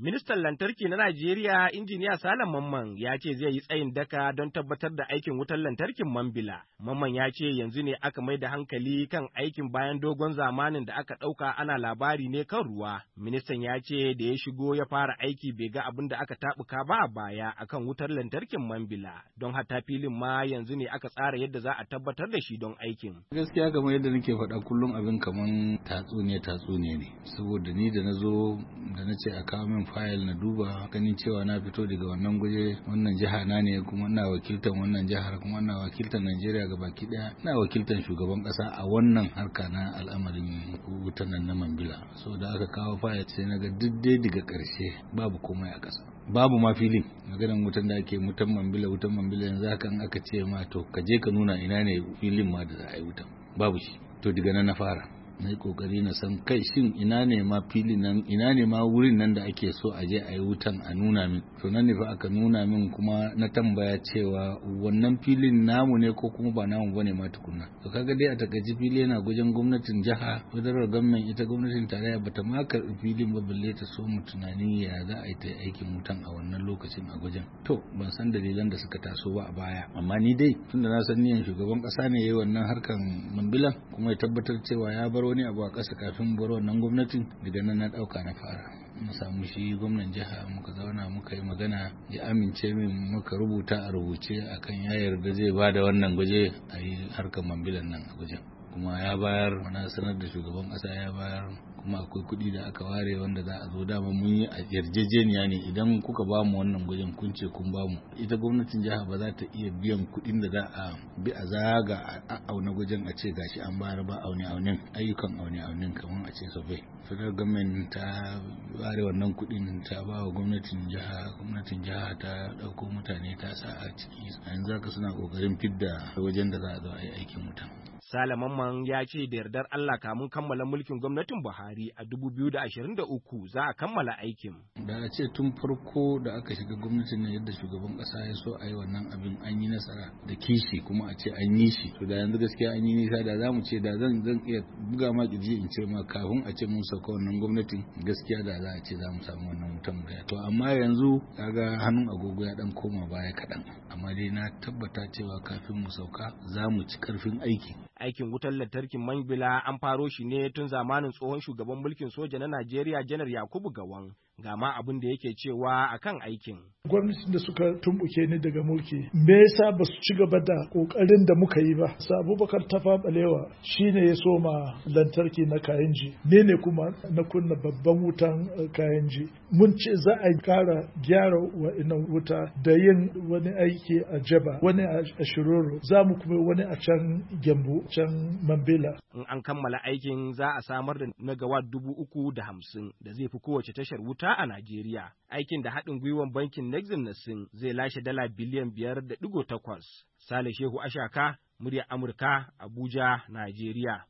Ministan lantarki na Najeriya injiniya Salam Mamman ya ce zai yi tsayin daka don tabbatar da aikin wutar lantarkin Mambila. Mamman ya ce yanzu ne aka mai da hankali kan aikin bayan dogon zamanin da aka ɗauka ana labari ne kan ruwa. Ministan ya ce da ya shigo ya fara aiki bai ga abin da aka taɓuka ba a baya akan wutar lantarkin Mambila. Don hata filin ma yanzu ne aka tsara yadda za a tabbatar da shi don aikin. Gaskiya kamar yadda nake faɗa kullum abin kamar tatsuniya tatsuniya ne. Saboda ni da na zo da na ce a kawo fayil na duba ganin cewa na fito daga wannan guje wannan jiha na ne kuma ina wakiltan wannan jihar kuma ina wakiltan Najeriya ga baki daya ina wakiltan shugaban kasa a wannan harka na al'amarin wutan nan na Mambila so da aka kawo fayil sai na ga duk daga karshe babu komai a kasa babu ma filin maganan wutan da ake wutan mambila wutan mambila yanzu hakan aka ce ma to ka je ka nuna ina ne filin ma da za a yi wutan babu shi to daga nan na fara na yi kokari na san kai shin ina ne ma fili nan ina ne ma wurin nan da ake so a je a yi wutan a nuna min to nan ne fa aka nuna min kuma na tambaya cewa wannan filin namu ne ko kuma ba namu bane ma tukunna to kaga dai a takaice fili yana gujen gwamnatin jiha federal government ita gwamnatin tarayya bata ma karbi filin ba balle ta so mu tunani ya za a yi ta aikin wutan a wannan lokacin a gujen to ban san dalilan da suka taso ba a baya amma ni dai tunda na san niyan shugaban kasa ne ya yi wannan harkan mambilan kuma ya tabbatar cewa ya bar baro wani abu a ƙasa kafin baro wannan gwamnatin daga nan na ɗauka na fara mu samu shi gwamnan jiha muka zauna muka yi magana ya amince min muka rubuta a rubuce akan ya yarda zai ba da wannan guje a yi harkar mambilan nan a gwajen kuma ya bayar wani sanar da shugaban ƙasa ya bayar kuma akwai kuɗi da aka ware wanda za a zo dama mun yi a yarjejeniya ne idan kuka ba mu wannan gwajin kun ce kun ba mu ita gwamnatin jiha ba za ta iya biyan kuɗin da za a bi a zaga a auna gwajin a ce gashi an bayar ba aune aunin ayyukan aune aunin kamar a ce survey federal government ta ware wannan kuɗin ta ba wa gwamnatin jiha gwamnatin jiha ta ɗauko mutane ta sa a ciki yanzu haka suna ƙoƙarin fidda wajen da za a zo a yi aikin wuta Salamanman ya ce da yardar Allah kamun kammala mulkin gwamnatin Buhari a 2023 za a kammala aikin. Da a ce tun farko da aka shiga gwamnatin nan yadda shugaban kasa ya so a yi wannan abin an yi nasara da kishi kuma a ce an yi shi. To da yanzu gaskiya an yi nisa da za mu ce da zan zan iya buga ma kirji in ce ma kafin a ce mun sauka wannan gwamnatin gaskiya da za a ce za mu samu wannan mutum gaya. To amma yanzu kaga hannun agogo ya dan koma baya kaɗan. Amma dai na tabbata cewa kafin mu sauka za mu ci karfin aiki. Aikin wutar lantarkin Mangbila an faro shi ne tun zamanin tsohon shugaban mulkin soja na Najeriya Janar Yakubu Gawan. Ga ma abin da yake cewa akan aikin. Gwamnati da suka tumbuke ni daga mulki, me yasa ba su ci gaba da kokarin da muka yi ba? Sa Abubakar Tafa Balewa shine ya soma lantarki na Kayanji, ne ne kuma na kunna babban wutan eh, Kayanji. Mun ce za a kara gyara ina wuta da yin wani aiki a Jaba, wani a Shiroro, za mu kuma wani a can Gembu. can Mambila. In an kammala aikin za a samar da megawatt dubu uku da hamsin da zai fi kowace tashar wuta a Najeriya. Aikin da haɗin gwiwan bankin Nexim na Sin zai lashe dala biliyan biyar da digo takwas. Sale Shehu Ashaka, murya Amurka, Abuja, Najeriya.